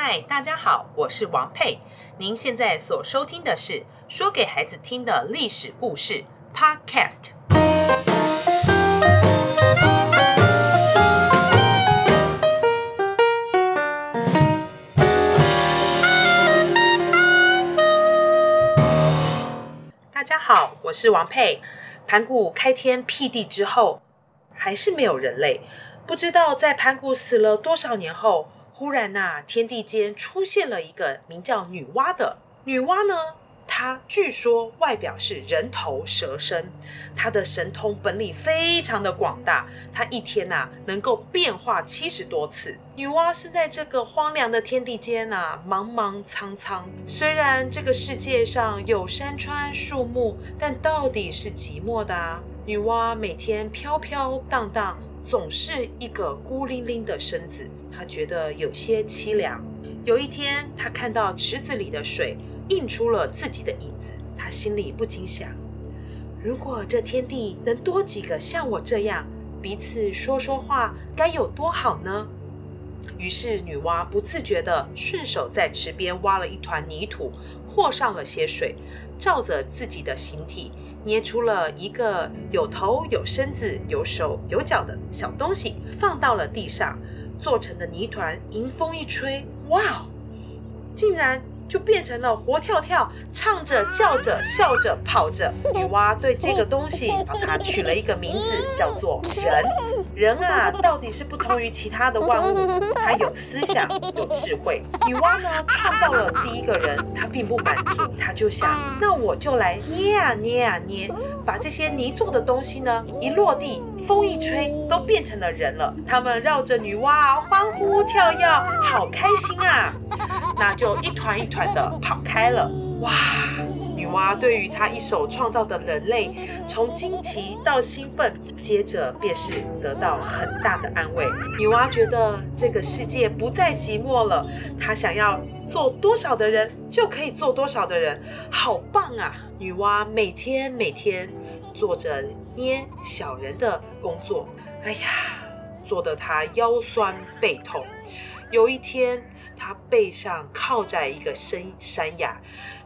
嗨，大家好，我是王佩。您現在所收聽的是《說給孩子聽的歷史故事》Podcast。大家好，我是王佩。盤古開天闢地之後，還是沒有人類。不知道在盤古死了多少年後，忽然、啊，吶，天地間出現了一個名叫女媧的。女媧呢，她據說外表是人頭蛇身，她的神通本領非常的廣大。她一天吶、啊，能夠變化七十多次。女媧是在這個荒涼的天地間吶、啊，茫茫蒼蒼。雖然這個世界上有山川樹木，但到底是寂寞的。啊，女媧每天飄飄蕩蕩，總是一個孤零零的身子。他覺得有些淒涼。有一天，他看到池子裡的水映出了自己的影子，他心裡不禁想：如果這天地能多幾個像我這樣，彼此說說話，該有多好呢？於是，女媧不自覺地順手在池邊挖了一團泥土，和上了些水，照着自己的形體，捏出了一個有頭有身子、有手有腳的小東西，放到了地上。做成的泥團，迎風一吹，哇、wow！竟然就變成了活跳跳，唱着、叫着、笑着、跑着。女媧對這個東西，把它取了一個名字，叫做人。人啊，到底是不同於其他的萬物，它有思想，有智慧。女媧呢，創造了第一個人，她並不滿足，她就想，那我就來捏啊捏啊捏，把這些泥做的東西呢，一落地。風一吹，都變成了人了。他們繞着女媧歡呼跳躍，好開心啊！那就一團一團的跑開了。哇！女媧對於她一手創造的人類，從驚奇到興奮，接着便是得到很大的安慰。女媧覺得這個世界不再寂寞了。她想要做多少的人，就可以做多少的人，好棒啊！女媧每天每天做着。捏小人的工作，哎呀，做得他腰酸背痛。有一天，他背上靠在一個深山崖，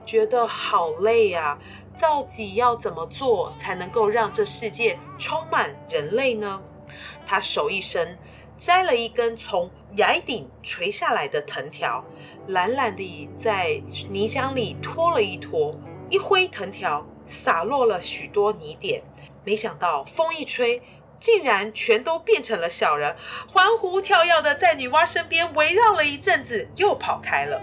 覺得好累啊！到底要怎麼做才能夠讓這世界充滿人類呢？他手一伸，摘了一根從崖頂垂下來的藤條，懶懶地在泥漿裡拖了一拖，一揮藤條，灑落了許多泥點。沒想到風一吹，竟然全都變成了小人，歡呼跳躍,的在女媧身邊圍繞了一陣子，又跑開了。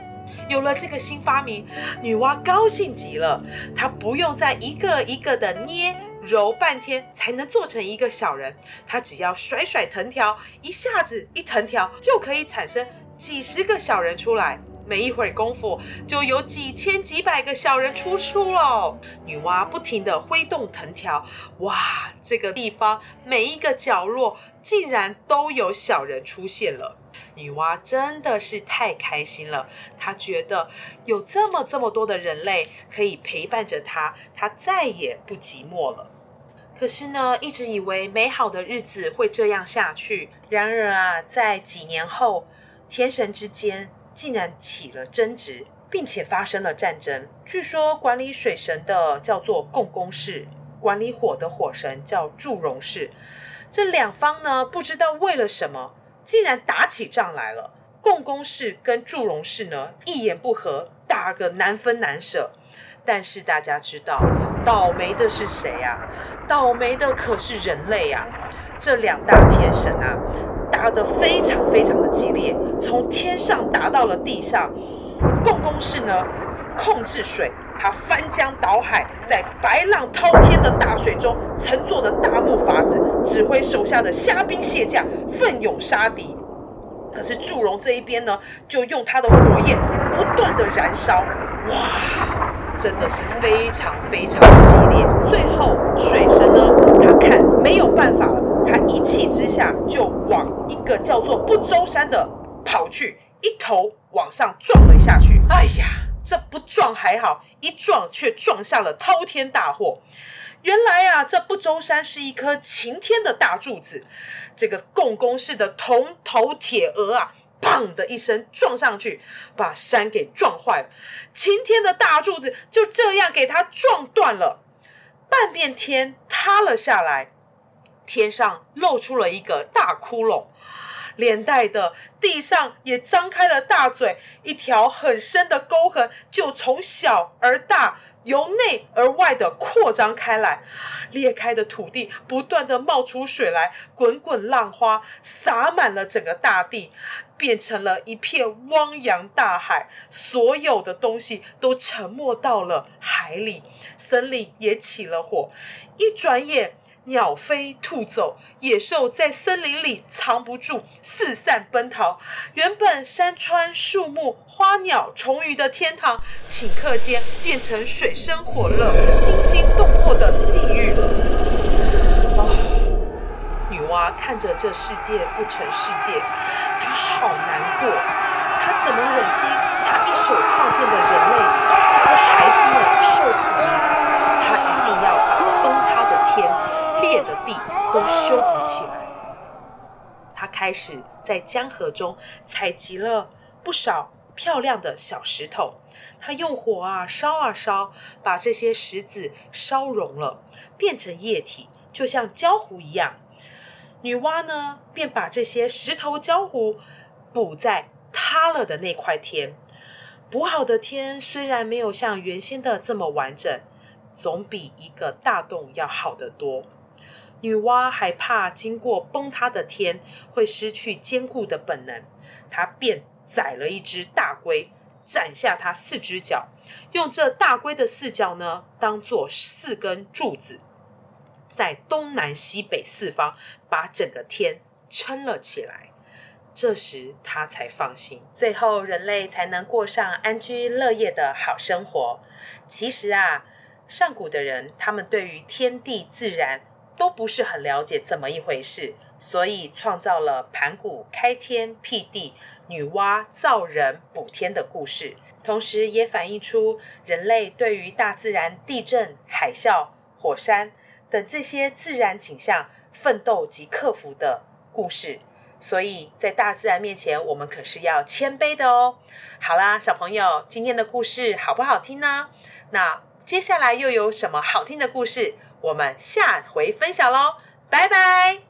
有了這個新發明，女媧高興極了，她不用再一個一個的捏揉半天才能做成一個小人，她只要甩甩藤條，一下子一藤條就可以產生。幾十個小人出來，沒一會兒功夫，就有幾千幾百個小人出出了。女媧不停地揮動藤條，哇，這個地方每一個角落竟然都有小人出現了。女媧真的是太開心了，她覺得有這麼這麼多的人類可以陪伴着她，她再也不寂寞了。可是呢，一直以為美好的日子會這樣下去，然而啊，在幾年後。天神之間竟然起了爭執，並且發生了戰爭。據說管理水神的叫做共工氏，管理火的火神叫祝融氏。這兩方呢，不知道為了什麼，竟然打起仗來了。共工氏跟祝融氏呢，一言不合，打個難分難捨。但是大家知道，倒霉的是誰呀、啊？倒霉的可是人類呀、啊！這兩大天神啊！打得非常非常的激烈，從天上打到了地上。共工氏呢，控制水，他翻江倒海，在白浪滔天的大水中乘坐的大木筏子，指揮手下的蝦兵蟹將奮勇殺敵。可是祝融這一邊呢，就用他的火焰不斷的燃燒，哇，真的是非常非常的激烈。最後水神呢，他看沒有辦法了。他一氣之下就往一個叫做不周山的，跑去，一頭往上撞了下去。哎呀，這不撞還好，一撞卻撞下了滔天大禍。原來啊，這不周山是一棵擎天的大柱子，這個共工氏的銅頭鐵額啊，砰的一聲撞上去，把山給撞壞了。擎天的大柱子就這樣給他撞斷了，半邊天塌了下來。天上露出了一個大窟窿，連帶的地上也張開了大嘴，一條很深的溝痕就從小而大，由內而外的擴張開來。裂開的土地不斷的冒出水來，滾滾浪花灑滿了整個大地，變成了一片汪洋大海。所有的東西都沉沒到了海裡，森林也起了火。一轉眼。鳥飛兔走，野獸在森林裡藏不住，四散奔逃。原本山川樹木、花鳥蟲魚的天堂，頃刻間變成水深火熱、驚心動魄的地獄了。啊、哦！女媧看着這世界不成世界，她好難過。她怎麼忍心？她一手創建的人類，這些孩子們受苦了。她一定要把崩塌的天裂的地都修補起來。他開始在江河中採集了不少漂亮的小石頭，他用火啊燒啊燒，把這些石子燒融了，變成液體，就像膠糊一樣。女媧呢，便把這些石頭膠糊補在塌了的那塊天。補好的天雖然沒有像原先的這麼完整，總比一個大洞要好得多。女媧害怕經過崩塌的天會失去堅固的本能，她便宰了一隻大龜，斬下它四隻腳，用這大龜的四腳呢當做四根柱子，在東南西北四方把整個天撐了起來。這時她才放心，最後人類才能過上安居樂業的好生活。其實啊，上古的人他們對於天地自然。都不是很了解怎麼一回事，所以創造了盤古開天闢地、女媧造人補天的故事，同時也反映出人類對於大自然地震、海嘯、火山等這些自然景象奮鬥及克服的故事。所以在大自然面前，我們可是要謙卑的哦。好啦，小朋友，今天的故事好不好聽呢？那接下來又有什麼好聽的故事？我們下回分享嘍，拜拜。